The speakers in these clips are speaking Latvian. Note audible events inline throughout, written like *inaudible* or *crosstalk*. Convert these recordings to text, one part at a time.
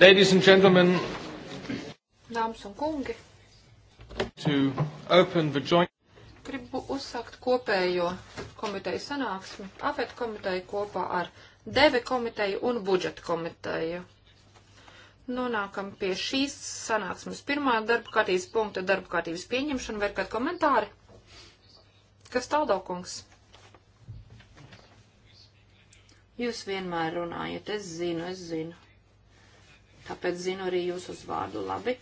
Ladies and gentlemen, Dāmas un kungi, to open the joint. Gribu uzsākt kopējo komiteju sanāksmi, afet komiteju kopā ar deve komiteju un budžeta komiteju. Nonākam pie šīs sanāksmes pirmā darba kārtības punkta darba kārtības pieņemšana, vai kādi komentāri? Kas tādā kungs? Jūs vienmēr runājat, es zinu, es zinu tāpēc zinu arī jūsu uzvārdu labi.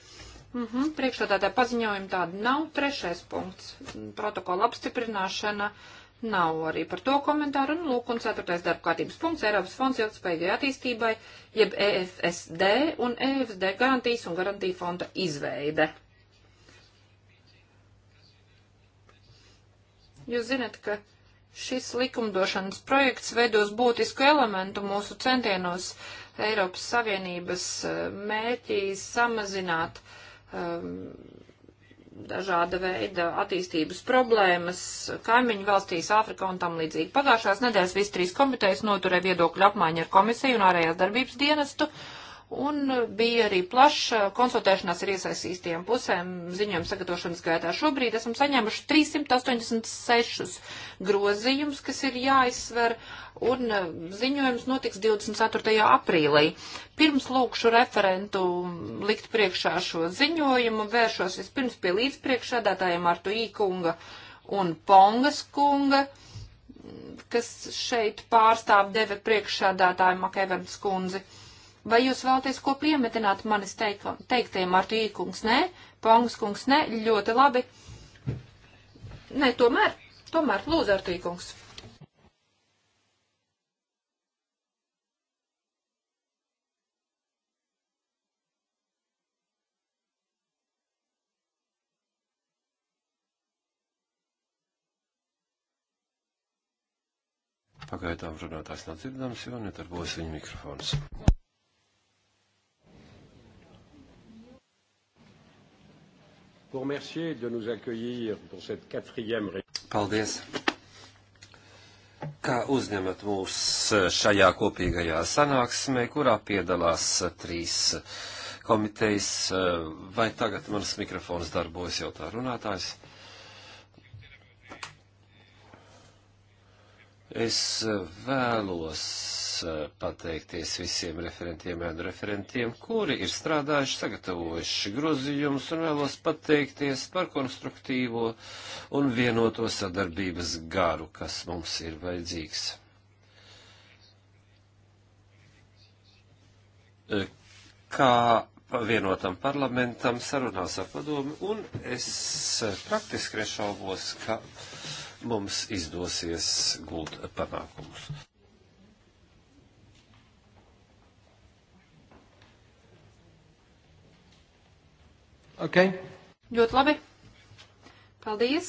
Mm -hmm. Priekšstādātā paziņojuma tāda nav. Trešais punkts - protokola apstiprināšana. Nav arī par to komentāru. Un nu, lūk, un ceturtais darba kārtības punkts - Eiropas fonds ilgspējīgai attīstībai, jeb EFSD un EFSD garantijas un garantija fonda izveide. Jūs zinat, ka šis likumdošanas projekts veidos būtisku elementu mūsu centienos uh, Eiropas Savienības eh, mērķi samazināt um, dažāda veida attīstības problēmas kaimiņu valstīs, Āfrikā un tam līdzīgi. Pagājušās nedēļas viss trīs komitejas noturēja viedokļu apmaiņu ar komisiju un ārējās darbības dienestu. Uh, un bija arī plaša konsultēšanās ar iesaistītajām pusēm ziņojuma sagatavošanas gaitā. Šobrīd esam saņēmuši 386 grozījumus, kas ir jāizsver, un uh, ziņojums notiks 24. aprīlī. Pirms lūkšu referentu likt priekšā šo ziņojumu, vēršos vispirms pie līdzpriekšādātājiem Artu Īkunga un Pongas kunga kas šeit pārstāv deve priekšsādātāju Makevens kundzi. Uh, Vai jūs vēlaties ko piemetināt manis teiktiem, Martu Īkungs? Nē, Pongas kungs, nē, ļoti labi. Nē, tomēr, tomēr, lūdzu, Artu Īkungs. Pagaidām runātājs nav dzirdams, jo netarbojas viņa mikrofons. vous remercier de nous accueillir pour cette quatrième Paldies! Kā uzņemat mūs eh, šajā kopīgajā sanāksmē, kurā piedalās eh, trīs eh, komitejas, vai tagad manas mikrofons darbojas jau tā runātājs? Es vēlos Eh, pateikties visiem referentiem un referentiem, kuri ir strādājuši, sagatavojuši grozījumus un vēlos pateikties par konstruktīvo un vienoto sadarbības garu, kas mums ir vajadzīgs. Eh, kā vienotam parlamentam sarunās ar padomu, un es eh, praktiski nešaubos, ka mums izdosies gūt panākumus. Ok. Ļoti labi. Paldies.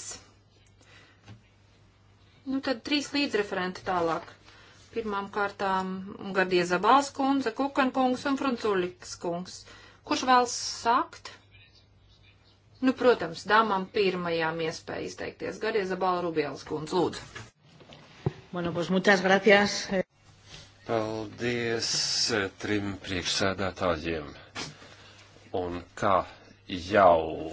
Nu tad trīs līdzreferenti tālāk. Pirmām kārtām Gardie Zabāls kundze, Kukan kungs un Frunculiks kungs. Kurš vēlas sākt? Nu, protams, dāmām pirmajām iespēja izteikties. Gardie Zabāla Rubielas kundze, lūdzu. Bueno, pues muchas gracias. Paldies trim priekšsēdētājiem. Un kā jau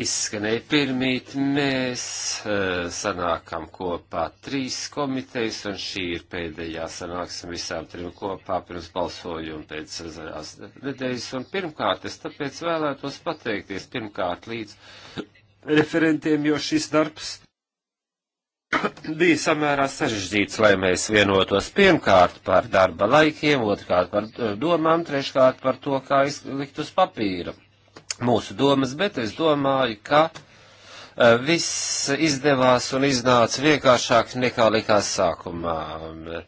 izskanēja pirmīt, mēs e, sanākam kopā trīs komitejas, un šī ir pēdējā sanāksim visām trim kopā pirms balsojuma pēc zaļās nedēļas. Un pirmkārt, es tāpēc vēlētos pateikties pirmkārt līdz referentiem, jo šis darbs *coughs* bija samērā sarežģīts, lai mēs vienotos pirmkārt par darba laikiem, otrkārt par eh, domām, treškārt par to, kā izlikt uz papīra mūsu domas, bet es domāju, ka eh, viss izdevās un iznāca vienkāršāk nekā likās sākumā. Eh,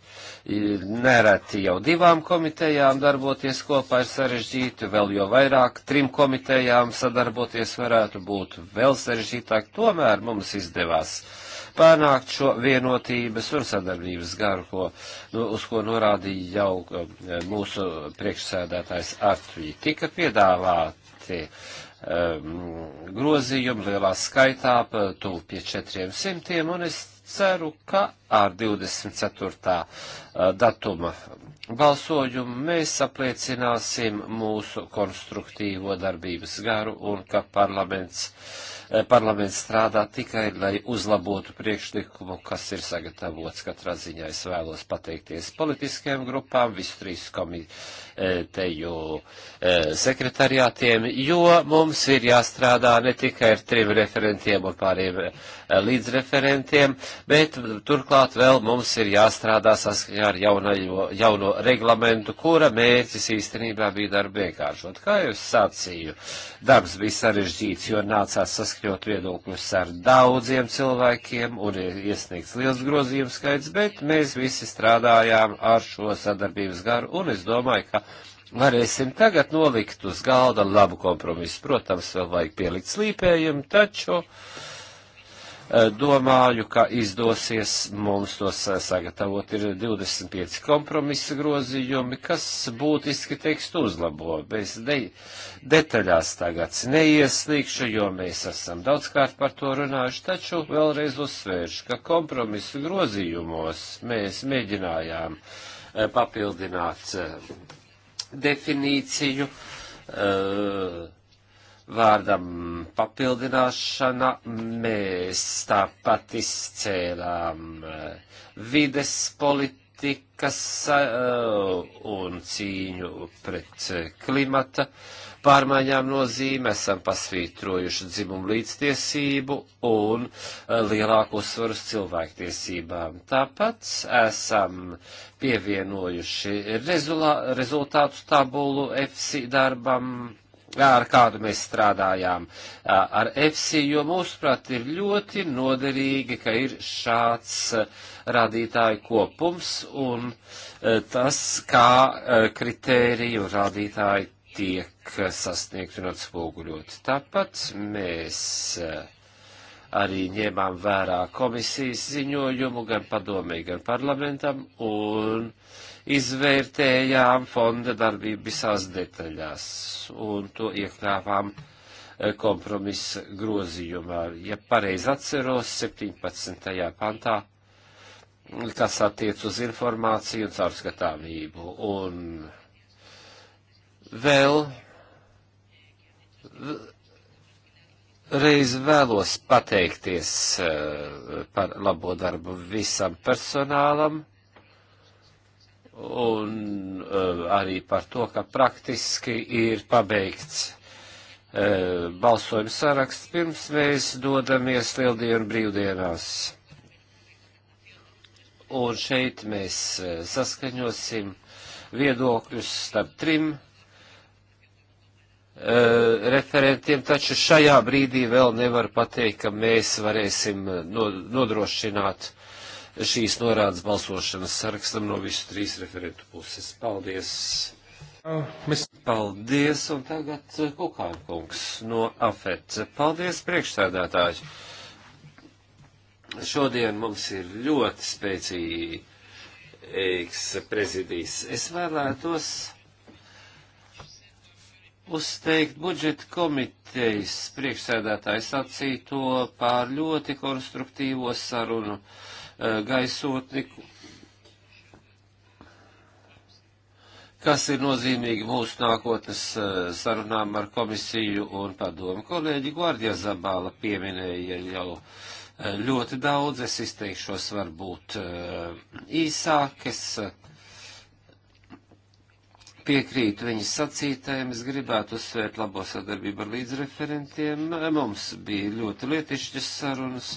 nereti jau divām komitejām darboties kopā ir sarežģīti, vēl jo vairāk trim komitejām sadarboties varētu būt vēl sarežģītāk. Tomēr mums izdevās uh, panākt šo vienotības un sadarbības garu, ko, nu, uz ko norādīja jau um, mūsu priekšsēdētājs Artvī. Tika piedāvāti um, grozījumi lielā skaitā, tuvu pie 400, un es ceru, ka ar 24. Uh, datuma balsojumu mēs apliecināsim mūsu konstruktīvo darbības garu un ka parlaments uh, Eh, parlaments strādā tikai, lai uzlabotu priekšlikumu, kas ir sagatavots. Katrā ziņā es vēlos pateikties politiskajām grupām, visu trīs komiteju eh, sekretariātiem, jo mums ir jāstrādā ne tikai ar trim referentiem un pāriem eh, līdzreferentiem, bet turklāt vēl mums ir jāstrādā saskaņā ar jaunajo, jauno reglamentu, kura mērķis īstenībā bija darba vienkāršot. Kā jau es sacīju, darbs bija sarežģīts, jo nācās saskaņā saskaņot viedokļus ar daudziem cilvēkiem un ir iesniegts liels grozījums skaits, bet mēs visi strādājām ar šo sadarbības garu un es domāju, ka varēsim tagad nolikt uz galda labu kompromisu. Protams, vēl vajag pielikt slīpējumu, taču. Uh, Eh, domāju, ka izdosies mums tos eh, sagatavot. Ir 25 kompromisa grozījumi, kas būtiski tekstu uzlabo. Bez de detaļās tagad neieslīgšu, jo mēs esam daudzkārt par to runājuši, taču vēlreiz uzsvēršu, ka kompromisa grozījumos mēs mēģinājām eh, papildināt definīciju vārdam papildināšana mēs tāpat izcēlām eh, vides politikas eh, un cīņu pret eh, klimata pārmaiņām nozīme, esam pasvītrojuši dzimumu līdztiesību un lielāku uzsvaru uz cilvēktiesībām. Tāpat esam pievienojuši rezultātu tabulu EFSI darbam ar kādu mēs strādājām ar EFSI, jo mūsuprāt ir ļoti noderīgi, ka ir šāds rādītāju kopums un tas, kā kritēriju un rādītāji tiek sasniegt un atspoguļot. Tāpat mēs arī ņēmām vērā komisijas ziņojumu gan padomē, gan parlamentam un uh, izvērtējām fonda darbību visās detaļās un to iekļāvām eh, kompromisa grozījumā. Ja pareizi atceros, 17. pantā, kas attiec uz informāciju un caurskatāmību. Un vēl reiz vēlos pateikties eh, par labo darbu visam personālam un eh, arī par to, ka praktiski ir pabeigts eh, balsojuma saraksts pirms mēs dodamies lieldienu brīvdienās. Un šeit mēs eh, saskaņosim viedokļus starp trim referentiem, taču šajā brīdī vēl nevar pateikt, ka mēs varēsim nodrošināt šīs norādes balsošanas sarakstam no visu trīs referentu puses. Paldies! Uh, mēs paldies, un tagad uh, Kukāna kungs no AFET. Paldies, priekšsēdētāji! Šodien mums ir ļoti spēcīgs prezidijs. Es vēlētos uzteikt budžeta komitejas priekšsēdētāju sacīto pār ļoti konstruktīvo sarunu uh, Eh, gaisotni, kas ir nozīmīgi mūsu nākotnes eh, sarunām ar komisiju un padomu. Kolēģi Guardija Zabāla pieminēja jau eh, ļoti daudz, es izteikšos varbūt īsāk, es piekrītu viņas sacītēm, es gribētu uzsvērt labo sadarbību ar līdzreferentiem, mums bija ļoti lietišķas sarunas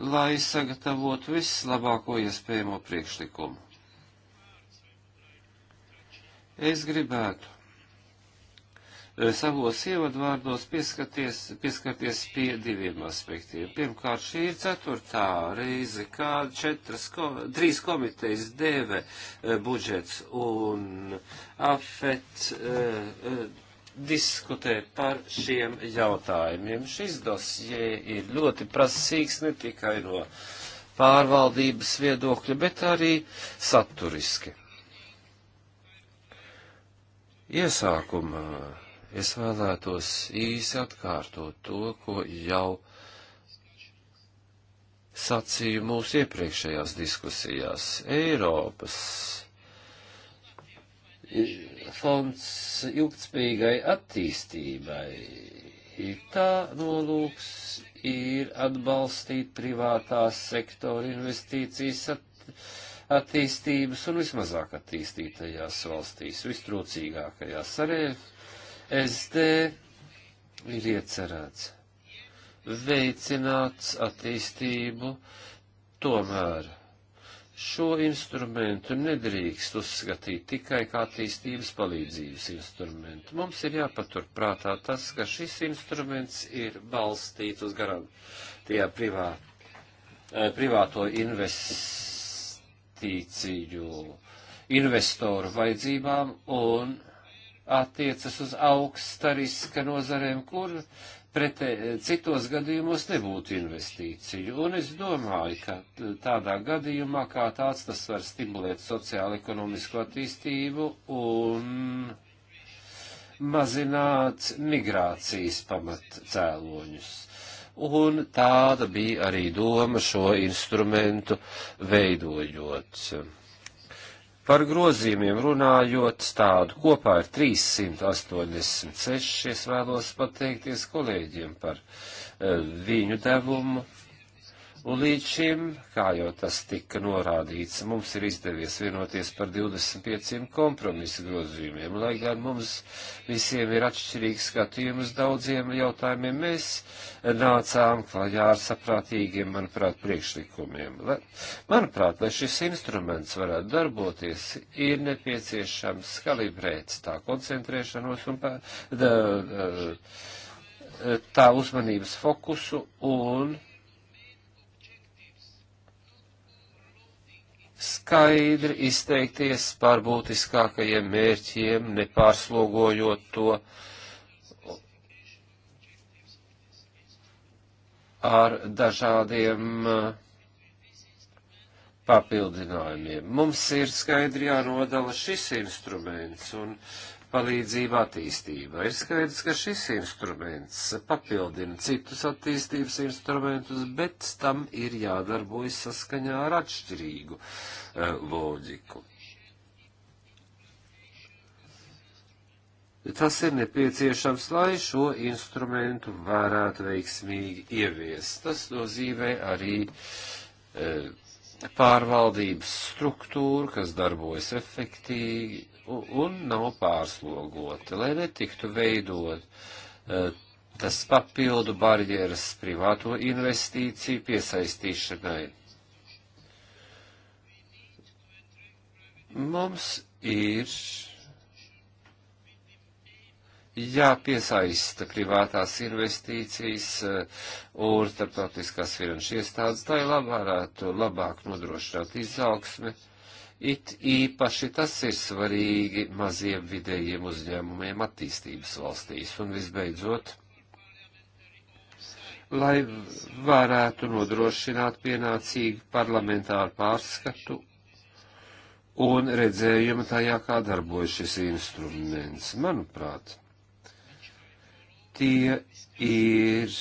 lai sagatavotu vislabāko iespējamo priekšlikumu. Es gribētu e, savos ievadvārdos pieskarties pie diviem aspektiem. Pirmkārt, šī ir ceturtā reize, kad četras, ko, trīs komitejas dēvē e, budžets un afet. Uh, e, uh, diskutēt par šiem jautājumiem. Šis dosie ir ļoti prasīgs ne tikai no pārvaldības viedokļa, bet arī saturiski. Iesākumā es vēlētos īsi atkārtot to, ko jau sacīju mūsu iepriekšējās diskusijās. Eiropas fonds ilgtspīgai attīstībai. Tā nolūks ir atbalstīt privātās sektora investīcijas at, attīstības un vismazāk attīstītajās valstīs, vistrūcīgākajās arī SD ir iecerēts veicināt attīstību tomēr Šo instrumentu nedrīkst uzskatīt tikai kā attīstības palīdzības instrumentu. Mums ir jāpatur prātā tas, ka šis instruments ir balstīts uz garantijā privā, eh, privāto investīciju investoru vajadzībām un attiecas uz augsta riska nozarēm, kur Pret citos gadījumos nebūtu investīciju, un es domāju, ka tādā gadījumā kā tāds tas var stimulēt sociālo-ekonomisko attīstību un mazināt migrācijas pamatcēloņus. Un tāda bija arī doma šo instrumentu veidojot. Par grozījumiem runājot, tādu kopā ir 386. Es vēlos pateikties kolēģiem par eh, viņu devumu Un līdz šim, kā jau tas tika norādīts, mums ir izdevies vienoties par 25 kompromisu grozījumiem, lai gan mums visiem ir atšķirīgs skatījums daudziem jautājumiem, mēs nācām klajā ar saprātīgiem, manuprāt, priekšlikumiem. Lai, manuprāt, lai šis instruments varētu darboties, ir nepieciešams kalibrēt tā koncentrēšanos un pēr, da, da, tā uzmanības fokusu un skaidri izteikties par būtiskākajiem mērķiem, nepārslogojot to ar dažādiem uh, papildinājumiem. Mums ir skaidri jānodala šis instruments, un palīdzību attīstībā. Ir skaidrs, ka šis instruments papildina citus attīstības instrumentus, bet tam ir jādarbojas saskaņā ar atšķirīgu uh, loģiku. Tas ir nepieciešams, lai šo instrumentu varētu veiksmīgi ieviest. Tas nozīmē arī uh, pārvaldības struktūru, kas darbojas efektīgi un nav pārslogota, lai netiktu veidot eh, tas papildu barjeras privāto investīciju piesaistīšanai. Mums ir jāpiesaista privātās investīcijas eh, un starptautiskās finanšu iestādes, lai labāk varētu labāk nodrošināt izaugsmi. It īpaši tas ir svarīgi maziem vidējiem uzņēmumiem attīstības valstīs. Un visbeidzot, lai varētu nodrošināt pienācīgu parlamentāru pārskatu un redzējumu tajā, kā darbojas šis instruments. Manuprāt, tie ir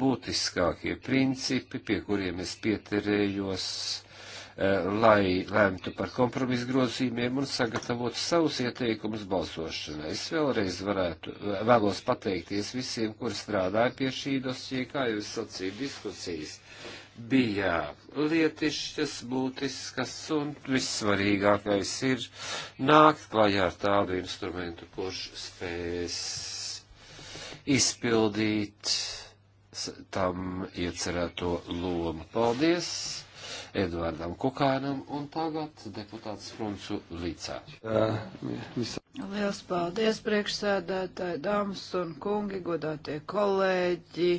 būtiskākie principi, pie kuriem es pieterējos, eh, lai lemtu par kompromisu grozījumiem un sagatavotu savus ieteikumus balsošanai. Es vēlreiz varētu, vēlos pateikties visiem, kuri strādāja pie šī dosie, kā jau es sacīju, diskusijas bija lietišķas, būtiskas un vissvarīgākais ir nākt klajā ar tādu instrumentu, kurš spēs izpildīt tam iecerēto lomu. Paldies Edvardam Kukānam un tagad deputāts Fruncu Līcā. Liels paldies priekšsēdētāji, dāmas un kungi, godātie kolēģi.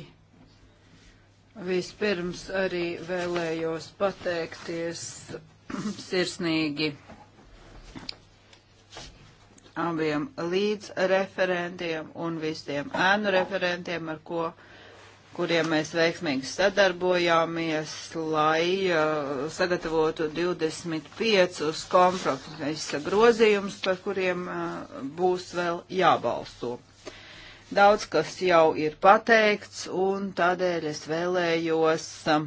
Vispirms arī vēlējos pateikties *clears throat* sirsnīgi abiem līdz referentiem un visiem ēnu referentiem, ar ko, kuriem mēs veiksmīgi sadarbojāmies, lai uh, sagatavotu 25 kompromisa grozījumus, par kuriem uh, būs vēl jābalso. Daudz kas jau ir pateikts, un tādēļ es vēlējos. Uh,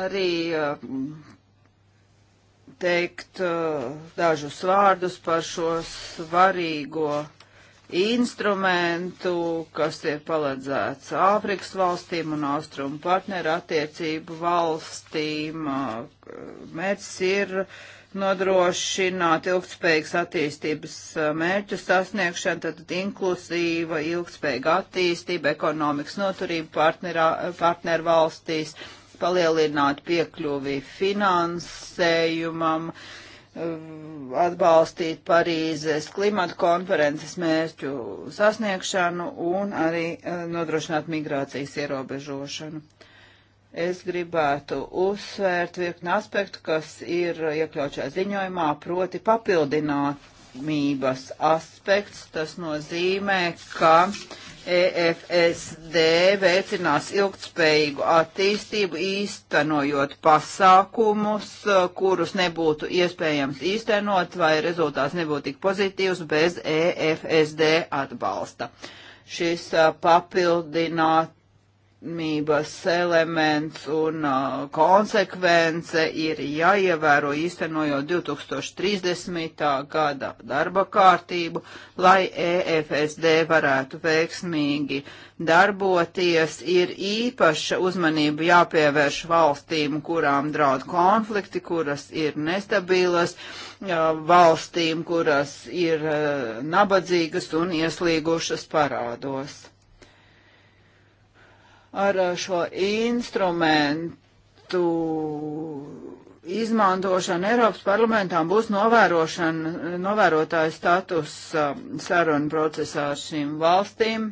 arī uh, teikt uh, dažus vārdus par šo svarīgo instrumentu, kas ir paredzēts Āfrikas valstīm un Austrumu partneru attiecību valstīm. Uh, mērķis ir nodrošināt ilgspējīgas attīstības uh, mērķu sasniegšanu, tad inklusīva, ilgspējīga attīstība, ekonomikas noturība partneru valstīs palielināt piekļuvi finansējumam, um, atbalstīt Parīzes klimata konferences mērķu sasniegšanu un arī uh, nodrošināt migrācijas ierobežošanu. Es gribētu uzsvērt virkni aspektu, kas ir iekļauts šajā ziņojumā, proti papildināt caurskatāmības aspekts. Tas nozīmē, ka EFSD veicinās ilgtspējīgu attīstību, īstenojot pasākumus, eh, kurus nebūtu iespējams īstenot, vai rezultāts nebūtu tik pozitīvs bez EFSD atbalsta. Šis eh, papildināt mības elements un uh, konsekvence ir jāievēro īstenojot 2030. gada darba kārtību, lai EFSD varētu veiksmīgi darboties, ir īpaša uzmanība jāpievērš valstīm, kurām draud konflikti, kuras ir nestabilas, uh, valstīm, kuras ir uh, nabadzīgas un ieslīgušas parādos ar eh, šo instrumentu izmantošanu Eiropas parlamentām būs novērošana, novērotāju status eh, sarunu procesā ar šīm valstīm.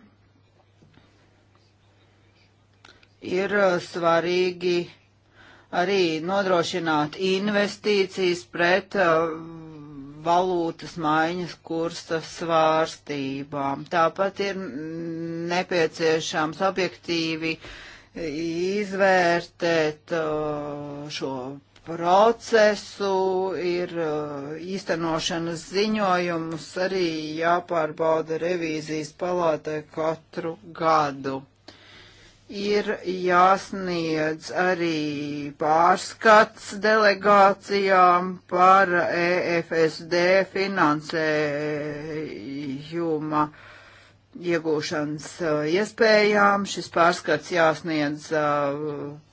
Ir eh, svarīgi arī nodrošināt investīcijas pret valūtas maiņas kursa svārstībām. Tāpat ir nepieciešams objektīvi izvērtēt uh, šo procesu, ir uh, īstenošanas ziņojumus arī jāpārbauda revīzijas palātē katru gadu ir jāsniedz arī pārskats delegācijām par EFSD finansējuma iegūšanas uh, iespējām. Šis pārskats jāsniedz uh,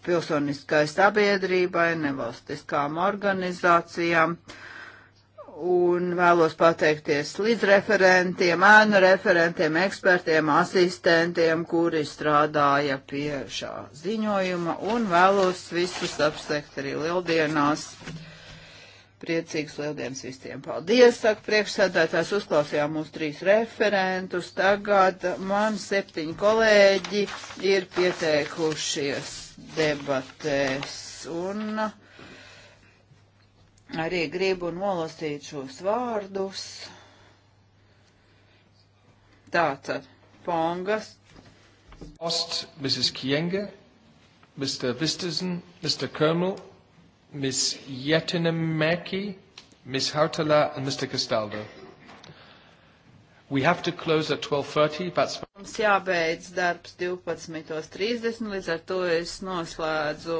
pilsoniskai sabiedrībai, nevalstiskām organizācijām un vēlos pateikties līdzreferentiem, ēnu referentiem, ekspertiem, asistentiem, kuri strādāja pie šā ziņojuma, un vēlos visus apsveikt arī lieldienās. Priecīgs lieldienas visiem. Paldies, saka priekšsēdētājs, uzklausījām mūsu trīs referentus. Tagad man septiņi kolēģi ir pieteikušies debatēs. Un, uh, arī gribu nolasīt šos vārdus. Tātad, Pongas. Ost, Mrs. Kienge, Mr. Vistesen, Mr. Kermel, Ms. Yetinemeki, Ms. Hautala and Mr. Castaldo. We have to close at 12.30, but... Mums jābeidz darbs 12.30, līdz ar to es noslēdzu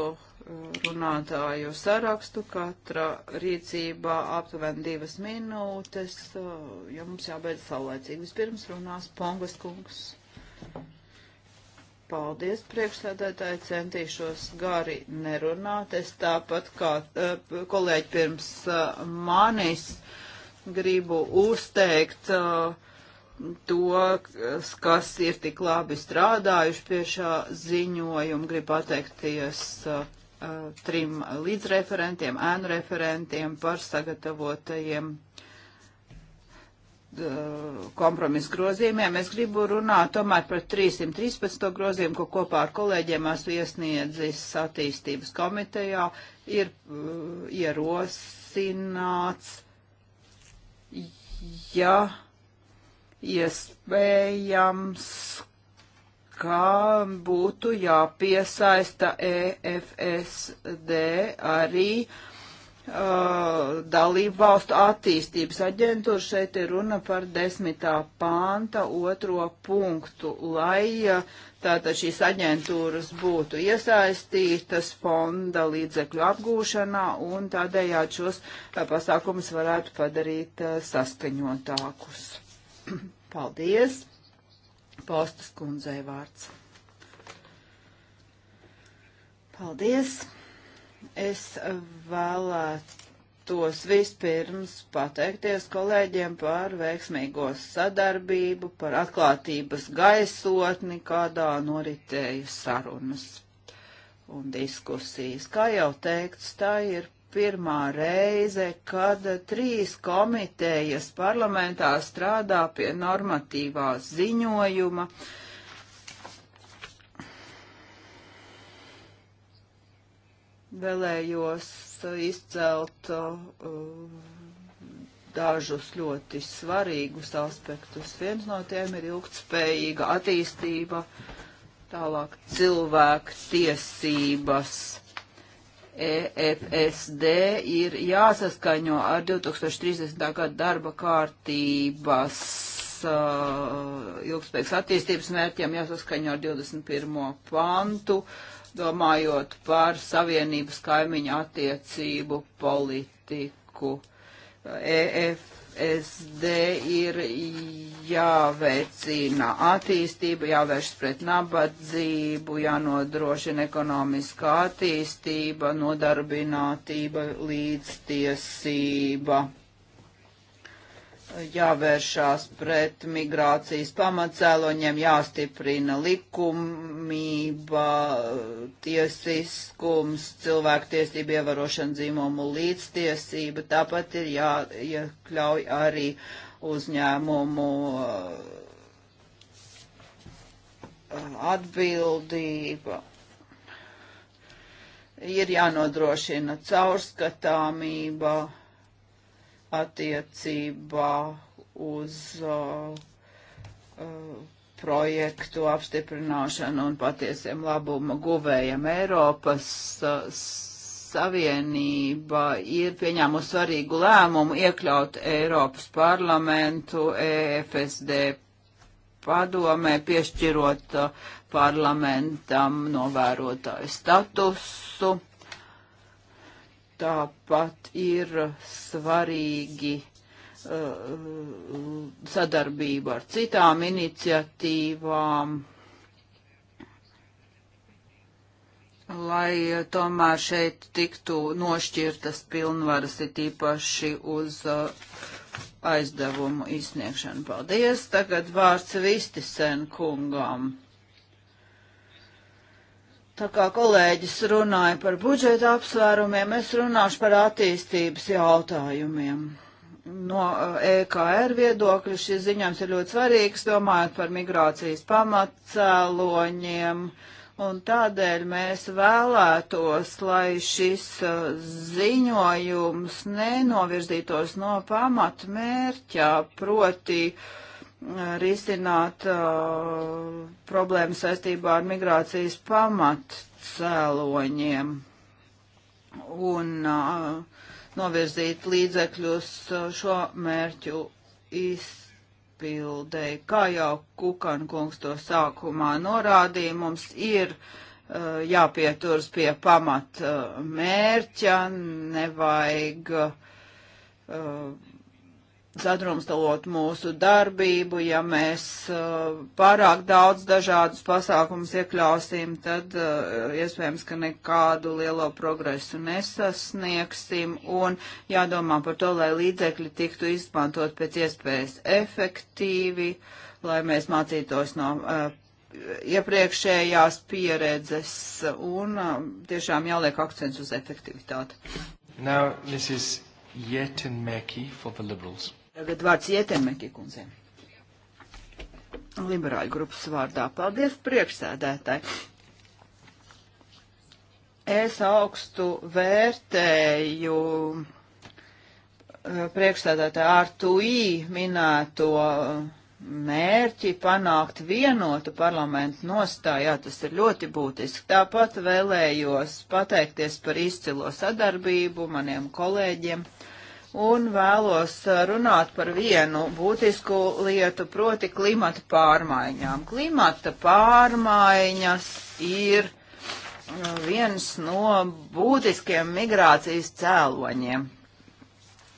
runātāju sarakstu. Katra rīcībā aptuveni divas minūtes, jo mums jābeidz saulēcīgi. Vispirms runās Pongas kungs. Paldies, priekšsēdētāji, centīšos gari nerunāt. Es tāpat kā kolēģi pirms manis gribu uzteikt to, kas ir tik labi strādājuši pie šā ziņojuma. Gribu pateikties Uh, trim līdzreferentiem, ēnu referentiem par sagatavotajiem uh, kompromisu grozījumiem. Es gribu runāt tomēr par 313. grozījumu, ko kopā ar kolēģiem esmu iesniedzis attīstības komitejā, ir uh, ierosināts, ja iespējams, ka būtu jāpiesaista EFSD arī uh, dalību valstu attīstības aģentūra. Šeit ir runa par desmitā pānta otro punktu, lai uh, tātad šīs aģentūras būtu iesaistītas fonda līdzekļu apgūšanā un tādējādi šos uh, pasākumus varētu padarīt uh, saskaņotākus. *clears throat* Paldies! Postas kundzei vārds. Paldies! Es vēlētos vispirms pateikties kolēģiem par veiksmīgo sadarbību, par atklātības gaisotni, kādā noritēja sarunas un diskusijas. Kā jau teikts, tā ir pirmā reize, kad trīs komitejas parlamentā strādā pie normatīvās ziņojuma. Vēlējos izcelt uh, dažus ļoti svarīgus aspektus. Viens no tiem ir ilgtspējīga attīstība, tālāk cilvēku tiesības EFSD ir jāsaskaņo ar 2030. gada darba kārtības uh, ilgspējīgas attīstības mērķiem, jāsaskaņo ar 21. pantu, domājot par savienības kaimiņu attiecību politiku. EF FSD ir jāveicina attīstība, jāvērš pret nabadzību, jānodrošina ekonomiskā attīstība, nodarbinātība, līdztiesība jāvēršās pret migrācijas pamatcēloņiem, jāstiprina likumība, tiesiskums, cilvēktiesība ievarošana dzīmumu līdztiesība, tāpat ir jāiekļauj ja arī uzņēmumu uh, atbildība. Ir jānodrošina caurskatāmība attiecībā uz uh, uh, projektu apstiprināšanu un patiesiem labuma guvējiem Eiropas uh, Savienība ir pieņēmusi svarīgu lēmumu iekļaut Eiropas parlamentu EFSD padomē, piešķirot uh, parlamentam novērotāju statusu. Tāpat ir svarīgi uh, sadarbība ar citām iniciatīvām, lai tomēr šeit tiktu nošķirtas pilnvaras, ir tīpaši uz uh, aizdevumu izsniegšanu. Paldies! Tagad vārds Vistisen kungam. Tā kā kolēģis runāja par budžeta apsvērumiem, es runāšu par attīstības jautājumiem. No EKR eh, e viedokļa šis ziņojums ir ļoti svarīgs, domājot par migrācijas pamatcēloņiem, un tādēļ mēs vēlētos, lai šis eh, ziņojums nenovirzītos no pamatmērķa, proti uh, risināt uh, problēmu saistībā ar migrācijas pamatcēloņiem un uh, novirzīt līdzekļus uh, šo mērķu izpildēji. Kā jau Kukan kungs to sākumā norādīja, mums ir uh, jāpieturas pie pamat uh, mērķa, nevajag uh, sadrumstalot mūsu darbību. Ja mēs uh, pārāk daudz dažādus pasākumus iekļausim, tad uh, iespējams, ka nekādu lielo progresu nesasniegsim un jādomā par to, lai līdzekļi tiktu izmantot pēc iespējas efektīvi, lai mēs mācītos no. Uh, iepriekšējās pieredzes un uh, tiešām jāliek akcents uz efektivitāti. Now, Mrs. Yetin Meki for the Liberals. Tagad vārds Ietemeki kundzei. Liberāļu grupas vārdā. Paldies priekšsēdētāji. Es augstu vērtēju eh, priekšsēdētāju Artuī minēto mērķi panākt vienotu parlamentu nostājā, tas ir ļoti būtiski. Tāpat vēlējos pateikties par izcilo sadarbību maniem kolēģiem un vēlos uh, runāt par vienu būtisku lietu, proti klimata pārmaiņām. Klimata pārmaiņas ir uh, viens no būtiskiem migrācijas cēloņiem.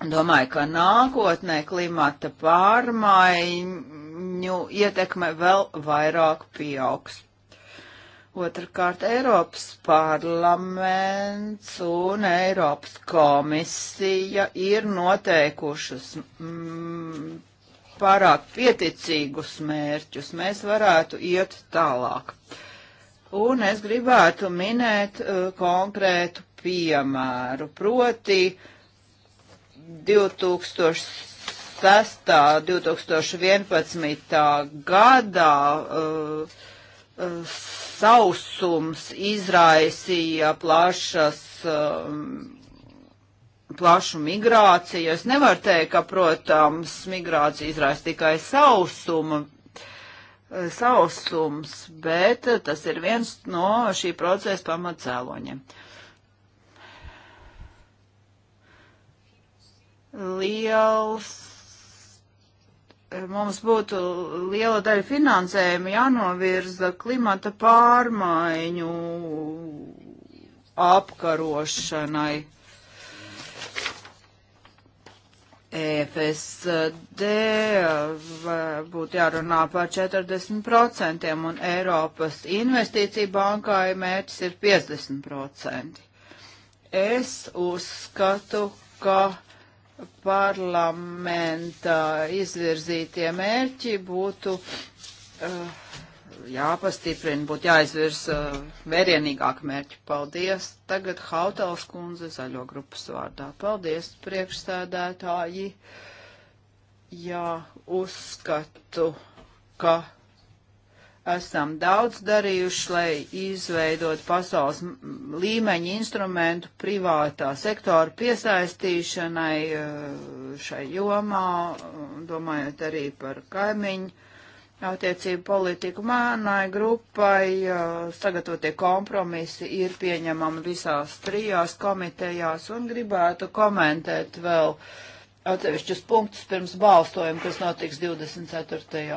Domāju, ka nākotnē klimata pārmaiņu ietekme vēl vairāk pieaugs. Otrakārt, Eiropas parlaments un Eiropas komisija ir noteikušas mm, pārāk pieticīgus mērķus. Mēs varētu iet tālāk. Un es gribētu minēt uh, konkrētu piemēru, proti 2000. 6. 2011. gadā uh, uh, sausums izraisīja plašas, um, plašu migrāciju. Es nevaru teikt, ka, protams, migrācija izraisa tikai sausuma, eh, sausums, bet tas ir viens no šī procesa pamatcēloņiem. Liels mums būtu liela daļa finansējuma jānovirza klimata pārmaiņu apkarošanai. EFSD būtu jārunā par 40% un Eiropas investīcija bankai mērķis ir 50%. Es uzskatu, ka parlamenta izvirzītie mērķi būtu uh, jāpastiprina, būtu jāizvirs uh, eh, vērienīgāk mērķi. Paldies. Tagad Hautals kundze zaļo grupas vārdā. Paldies, priekšsēdētāji. Jā, uzskatu, ka esam daudz darījuši, lai izveidot pasaules līmeņa instrumentu privātā sektora piesaistīšanai eh, šai jomā, domājot arī par kaimiņu attiecību politiku. Mānai grupai eh, sagatavotie kompromisi ir pieņemami visās trijās komitejās un gribētu komentēt vēl atsevišķus punktus pirms balstojuma, kas notiks 24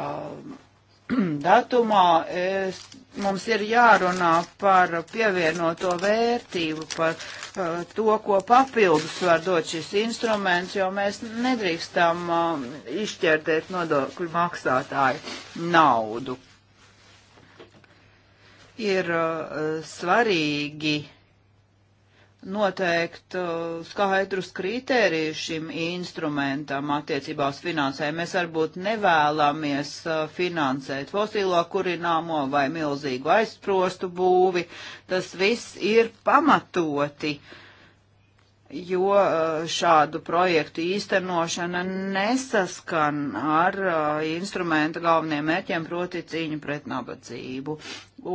*clears throat* datumā es, mums ir jārunā par pievienoto vērtību, par uh, to, ko papildus var dot šis instruments, jo mēs nedrīkstam uh, izšķērdēt nodokļu maksātāju naudu. Ir uh, svarīgi uh, noteikt uh, skaidrus kritērijus šim instrumentam attiecībā uz finansēm. Mēs varbūt nevēlamies uh, finansēt fosilo kurināmo vai milzīgu aizsprostu būvi. Tas viss ir pamatoti. Uh, jo eh, šādu projektu īstenošana nesaskan ar eh, instrumenta galveniem mērķiem, proti cīņu pret nabadzību.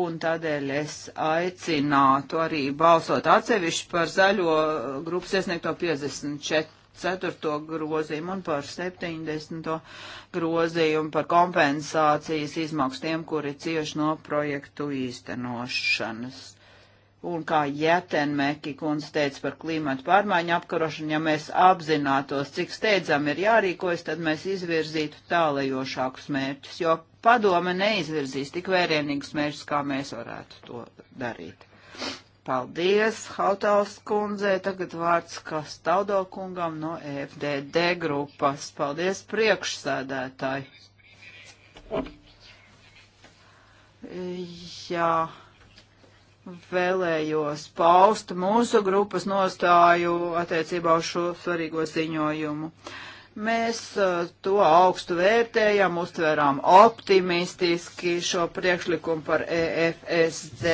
Un tādēļ es aicinātu arī balsot atsevišķi par zaļo eh, grupas iesniegto 54 ceturto grozījumu un par 70. grozījumu par kompensācijas izmaksu tiem, kuri cieši no projektu īstenošanas. Un kā Jātenmeki kundze teica par klimatu pārmaiņu apkarošanu, ja mēs apzinātos, cik steidzam ir jārīkojas, tad mēs izvirzītu tālajošākus mērķus, jo padome neizvirzīs tik vērienīgus mērķus, kā mēs varētu to darīt. Paldies, Hautals kundze, tagad vārds Kastaudo kungam no FDD grupas. Paldies, priekšsēdētāji. Jā. Yeah vēlējos paust mūsu grupas nostāju attiecībā uz šo svarīgo ziņojumu. Mēs uh, to augstu vērtējam, uztvērām optimistiski šo priekšlikumu par EFSD.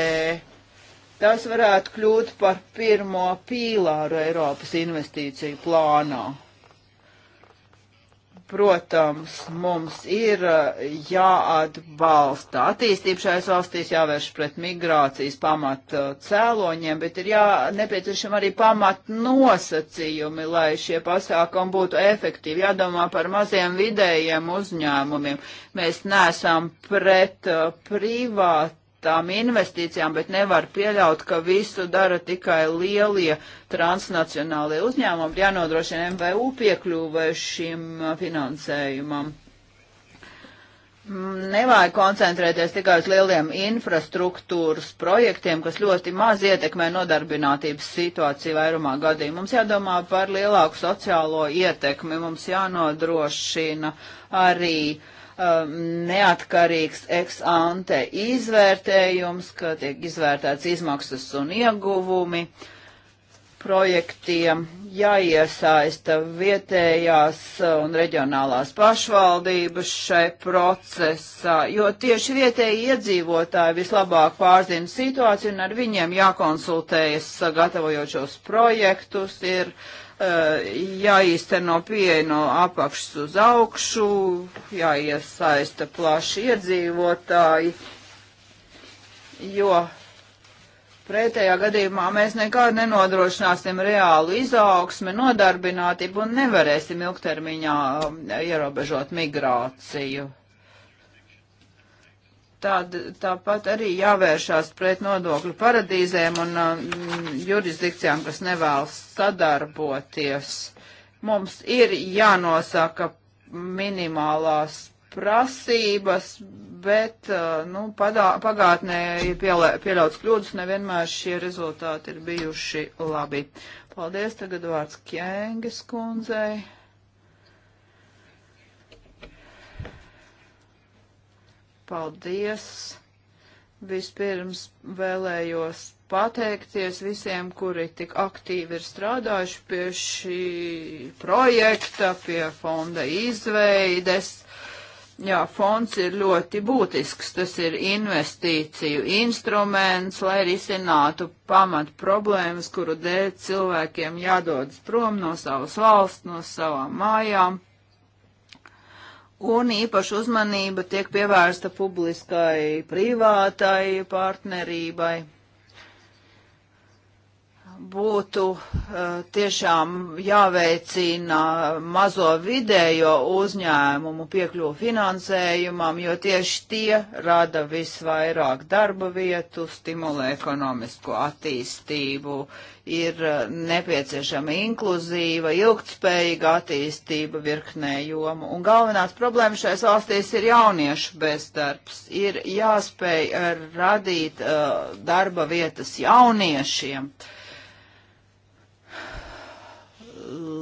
Tas varētu kļūt par pirmo pīlāru Eiropas investīciju plānā protams, mums ir eh, jāatbalsta attīstība šajās valstīs, jāvērš pret migrācijas pamat eh, cēloņiem, bet ir jā, nepieciešama arī pamat nosacījumi, lai šie pasākumi būtu efektīvi. Jādomā par maziem vidējiem uzņēmumiem. Mēs neesam pret eh, privātu tām investīcijām, bet nevar pieļaut, ka visu dara tikai lielie transnacionālie uzņēmumi. Jānodrošina MVU piekļuve šim uh, finansējumam. Mm, nevajag koncentrēties tikai uz lieliem infrastruktūras projektiem, kas ļoti maz ietekmē nodarbinātības situāciju vairumā gadījumā. Mums jādomā par lielāku sociālo ietekmi, mums jānodrošina arī uh, Um, neatkarīgs ex ante izvērtējums, ka tiek izvērtēts izmaksas un ieguvumi projektiem, jāiesaista vietējās un reģionālās pašvaldības šai procesā, jo tieši vietēji iedzīvotāji vislabāk pārzina situāciju un ar viņiem jākonsultējas, gatavojot šos projektus, ir uh, Eh, jāīsteno pieeja no apakšas uz augšu, jāiesaista plaši iedzīvotāji, jo pretējā gadījumā mēs nekādu nenodrošināsim reālu izaugsmi, nodarbinātību un nevarēsim ilgtermiņā um, ierobežot migrāciju. Tad, tāpat arī jāvēršās pret nodokļu paradīzēm un um, jurisdikcijām, kas nevēlas sadarboties. Mums ir jānosaka minimālās prasības, bet uh, nu, padā, pagātnē ir pieļauts kļūdas, nevienmēr šie rezultāti ir bijuši labi. Paldies, tagad vārds Kjēngas kundzei. Paldies! Vispirms vēlējos pateikties visiem, kuri tik aktīvi ir strādājuši pie šī projekta, pie fonda izveides. Jā, fonds ir ļoti būtisks, tas ir investīciju instruments, lai risinātu pamat problēmas, kuru dēļ cilvēkiem jādodas prom no savas valsts, no savām mājām un īpaši uzmanība tiek pievērsta publiskai, privātai partnerībai būtu eh, tiešām jāveicina mazo vidējo uzņēmumu piekļuvu finansējumam, jo tieši tie rada visvairāk darba vietu, stimulē ekonomisko attīstību, ir eh, nepieciešama inkluzīva, ilgtspējīga attīstība virknē jomu. Un galvenās problēmas šais valstīs ir jauniešu bezdarbs. Ir jāspēj eh, radīt uh, darba vietas jauniešiem. Uh,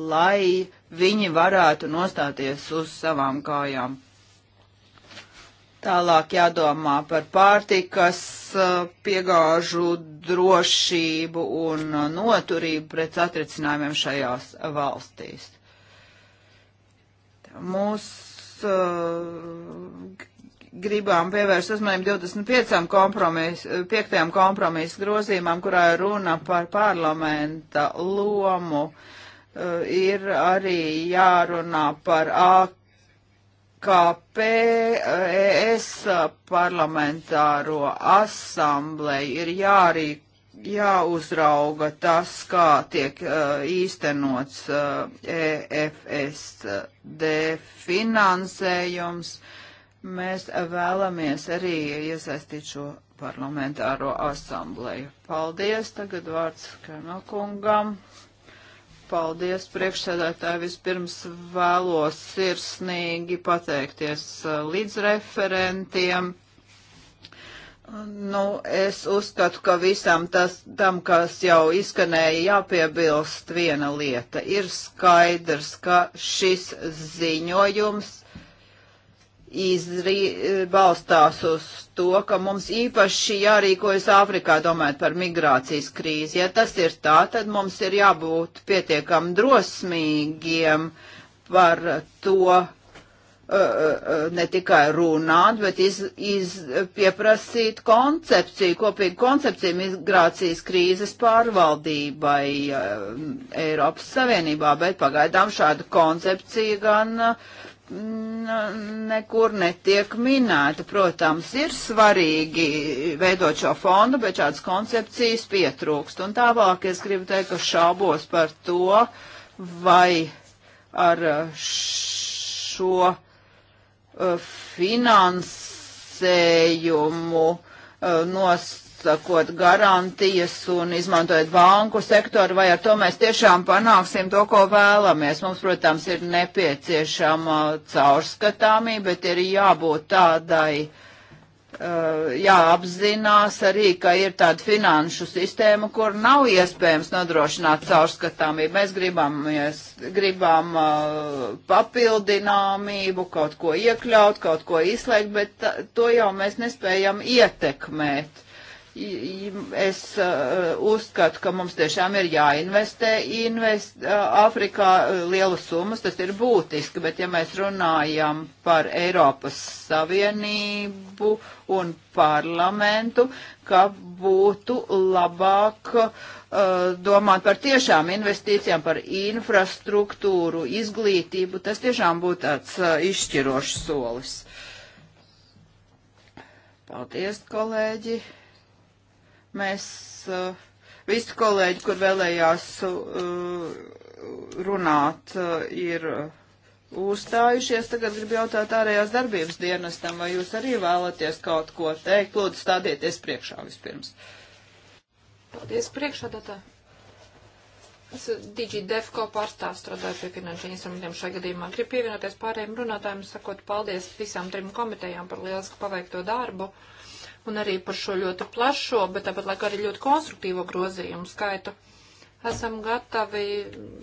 lai viņi varētu nostāties uz savām kājām. Tālāk jādomā par pārtikas uh, piegāžu drošību un uh, noturību pret satricinājumiem šajās valstīs. Mūs uh, gribām pievērst uzmanību 25 kompromis, kompromisu grozīmām, kurā ir runa par parlamenta lomu. Uh, Eh, ir arī jārunā par AKP, ES eh, e parlamentāro asambleju, ir jārī, jāuzrauga tas, kā tiek eh, īstenots EFSD e finansējums. Mēs vēlamies arī iesaistīt šo parlamentāro asambleju. Paldies, tagad vārds Kanokungam. Paldies, priekšsēdētāji. Vispirms vēlos sirsnīgi pateikties uh, līdzreferentiem. Nu, es uzskatu, ka visam tas, tam, kas jau izskanēja, jāpiebilst viena lieta. Ir skaidrs, ka šis ziņojums izri, balstās uz to, ka mums īpaši jārīkojas Āfrikā, domājot par migrācijas krīzi. Ja tas ir tā, tad mums ir jābūt pietiekam drosmīgiem par to uh, uh, uh ne tikai runāt, bet iz, iz, pieprasīt koncepciju, kopīgu koncepciju migrācijas krīzes pārvaldībai uh, Eiropas Savienībā, bet pagaidām šāda koncepcija gan uh, nekur netiek minēta. Protams, ir svarīgi veidot šo fondu, bet šādas koncepcijas pietrūkst. Un tālāk es gribu teikt, ka šaubos par to, vai ar šo uh, finansējumu uh, nos sakot, garantijas un izmantojot banku sektoru, vai ar to mēs tiešām panāksim to, ko vēlamies. Mums, protams, ir nepieciešama caurskatāmība, bet ir jābūt tādai, uh, jāapzinās arī, ka ir tāda finanšu sistēma, kur nav iespējams nodrošināt caurskatāmību. Mēs gribam, mēs gribam uh, papildināmību, kaut ko iekļaut, kaut ko izslēgt, bet uh, to jau mēs nespējam ietekmēt Es uh, uzskatu, ka mums tiešām ir jāinvestē invest, uh, Afrikā uh, lielas summas, tas ir būtiski, bet ja mēs runājam par Eiropas Savienību un parlamentu, ka būtu labāk uh, domāt par tiešām investīcijām, par infrastruktūru, izglītību, tas tiešām būtu tāds uh, izšķirošs solis. Paldies, kolēģi! Mēs uh, visi kolēģi, kur vēlējās uh, runāt, uh, ir uh, uzstājušies. Tagad gribu jautāt ārējās darbības dienestam, vai jūs arī vēlaties kaut ko teikt. Lūdzu, stādieties priekšā vispirms. Paldies priekšādatā. Es uh, DigiDefco pārstāv strādāju pie finanšu instrumentiem šajā gadījumā. Gribu pievienoties pārējiem runātājiem, sakot paldies visām trim komitejām par lielisku paveikto darbu. Uh, un arī par šo ļoti plašo, bet tāpat laikā arī ļoti konstruktīvo grozījumu skaitu. Esam gatavi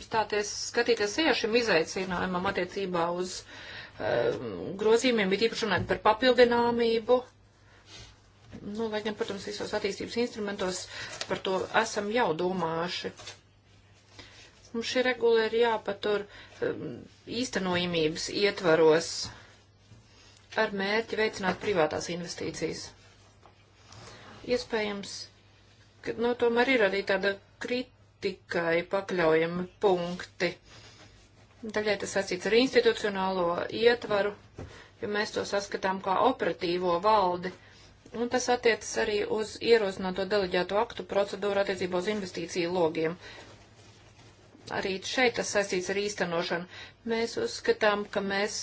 stāties, skatīties iešim izaicinājumam attiecībā uz um, grozījumiem, bet īpaši runājot par papildināmību. Nu, lai gan, protams, visos attīstības instrumentos par to esam jau domājuši. Mums šī regula ir jāpatur um, ehm, īstenojumības ietvaros ar mērķi veicināt privātās investīcijas. Iespējams, ka nu, tomēr ir arī tāda kritikai pakļaujama punkti. Daļai tas saistīts ar institucionālo ietvaru, jo mēs to saskatām kā operatīvo valdi. Un tas attiecas arī uz ierosināto deleģēto aktu procedūru attiecībā uz investīciju logiem. Arī šeit tas saistīts ar īstenošanu. Mēs uzskatām, ka mēs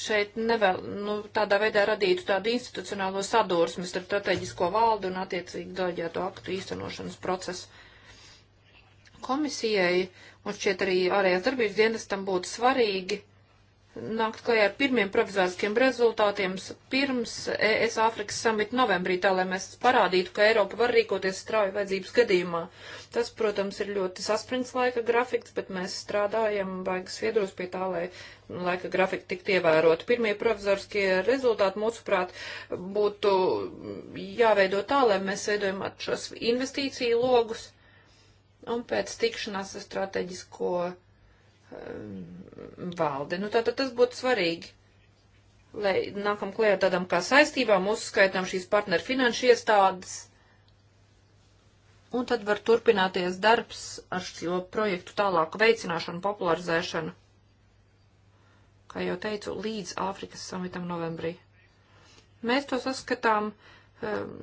šeit nevēl, nu, tādā veidā radītu tādu institucionālo sadursmi starp strateģisko valdu un attiecīgi deleģēto aktu īstenošanas procesu. Komisijai un šķiet arī ārējās darbības dienestam būtu svarīgi nākt klajā ar pirmiem provizoriskiem rezultātiem pirms ES Āfrikas samita novembrī, tā lai mēs parādītu, ka Eiropa var rīkoties strauju vajadzības gadījumā. Tas, protams, ir ļoti saspringts laika grafiks, bet mēs strādājam baigas viedros pie tā, lai laika grafika tiktu ievērot. Pirmie provizoriskie rezultāti, mūsuprāt, būtu jāveido tā, lai mēs veidojam šos investīciju logus. Un pēc tikšanās ar strateģisko Um, valde. Nu, tātad tas būtu svarīgi, lai nākam klējā tādam kā saistībām, uzskaitām šīs partneru finanšu iestādes. Un tad var turpināties darbs ar šo projektu tālāku veicināšanu, popularizēšanu, kā jau teicu, līdz Āfrikas samitam novembrī. Mēs to saskatām um,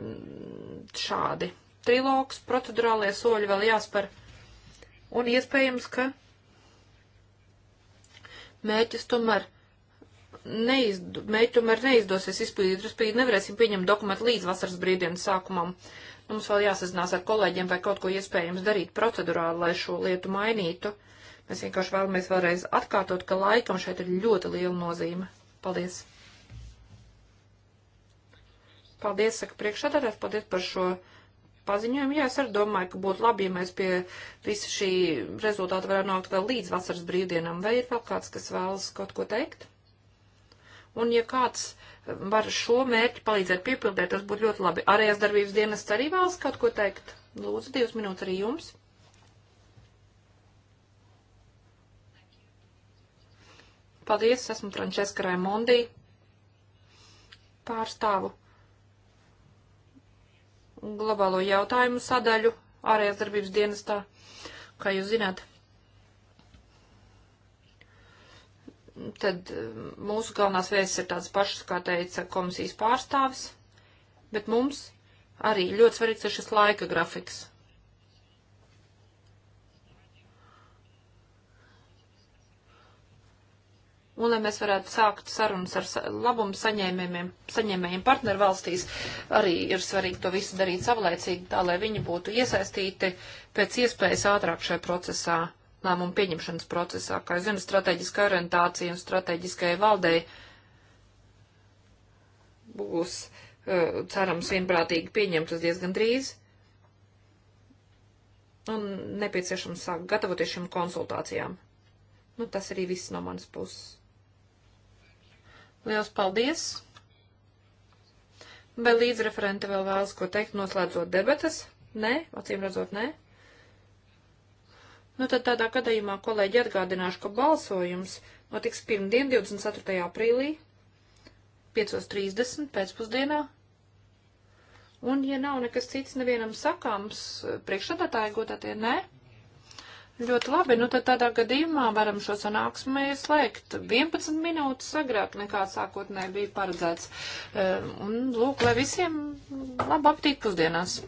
šādi. Trilogs, procedurālie soļi vēl jāspēr. Un iespējams, ka mērķus tomēr, neizd mērķi tomēr neizdosies izpildīt, respektīvi nevarēsim pieņemt dokumentu līdz vasaras brīvdienas sākumam. Nu, mums vēl jāsazinās ar kolēģiem, vai kaut ko iespējams darīt procedurāli, lai šo lietu mainītu. Mēs vienkārši vēlamies vēlreiz atkārtot, ka laikam šeit ir ļoti liela nozīme. Paldies! Paldies, saka priekšsēdētājs, paldies par šo paziņojumu. Jā, es arī domāju, ka būtu labi, ja mēs pie visa šī rezultāta varētu nākt vēl līdz vasaras brīvdienām. Vai ir vēl kāds, kas vēlas kaut ko teikt? Un ja kāds var šo mērķi palīdzēt piepildēt, tas būtu ļoti labi. Arējās darbības dienas arī vēlas kaut ko teikt. Lūdzu, divas minūtes arī jums. Paldies, esmu Frančeska Raimondī. Pārstāvu globālo jautājumu sadaļu ārējās darbības dienestā, kā jūs zināt. Tad mm, mūsu galvenās vēstis ir tāds pašas, kā teica komisijas pārstāvis, bet mums arī ļoti svarīgs ir šis laika grafiks. un lai mēs varētu sākt sarunas ar labumu saņēmējiem, saņēmējiem partneru valstīs, arī ir svarīgi to visu darīt savlaicīgi, tā lai viņi būtu iesaistīti pēc iespējas ātrāk šajā procesā, lēmumu pieņemšanas procesā, kā es zinu, strateģiska orientācija un strateģiskajai valdei būs, eh, cerams, vienprātīgi pieņemtas diezgan drīz un nepieciešams sākt gatavoties šīm konsultācijām. Nu, tas arī viss no manas puses. Liels paldies! Vai līdzreferente vēl vēlas ko teikt, noslēdzot debatas? Nē, acīm redzot, nē. Nu tad tādā gadījumā kolēģi atgādināšu, ka balsojums notiks pirmdien, 24. aprīlī, 5.30 pēcpusdienā. Un, ja nav nekas cits nevienam sakāms, priekšsādātāji godātie, nē. Ne? Ļoti labi, nu tad tādā gadījumā varam šo sanāksmē slēgt. 11 minūtes agrāk nekā sākotnēji bija paredzēts. Ehm, un lūk, lai visiem labu aptīt pusdienās!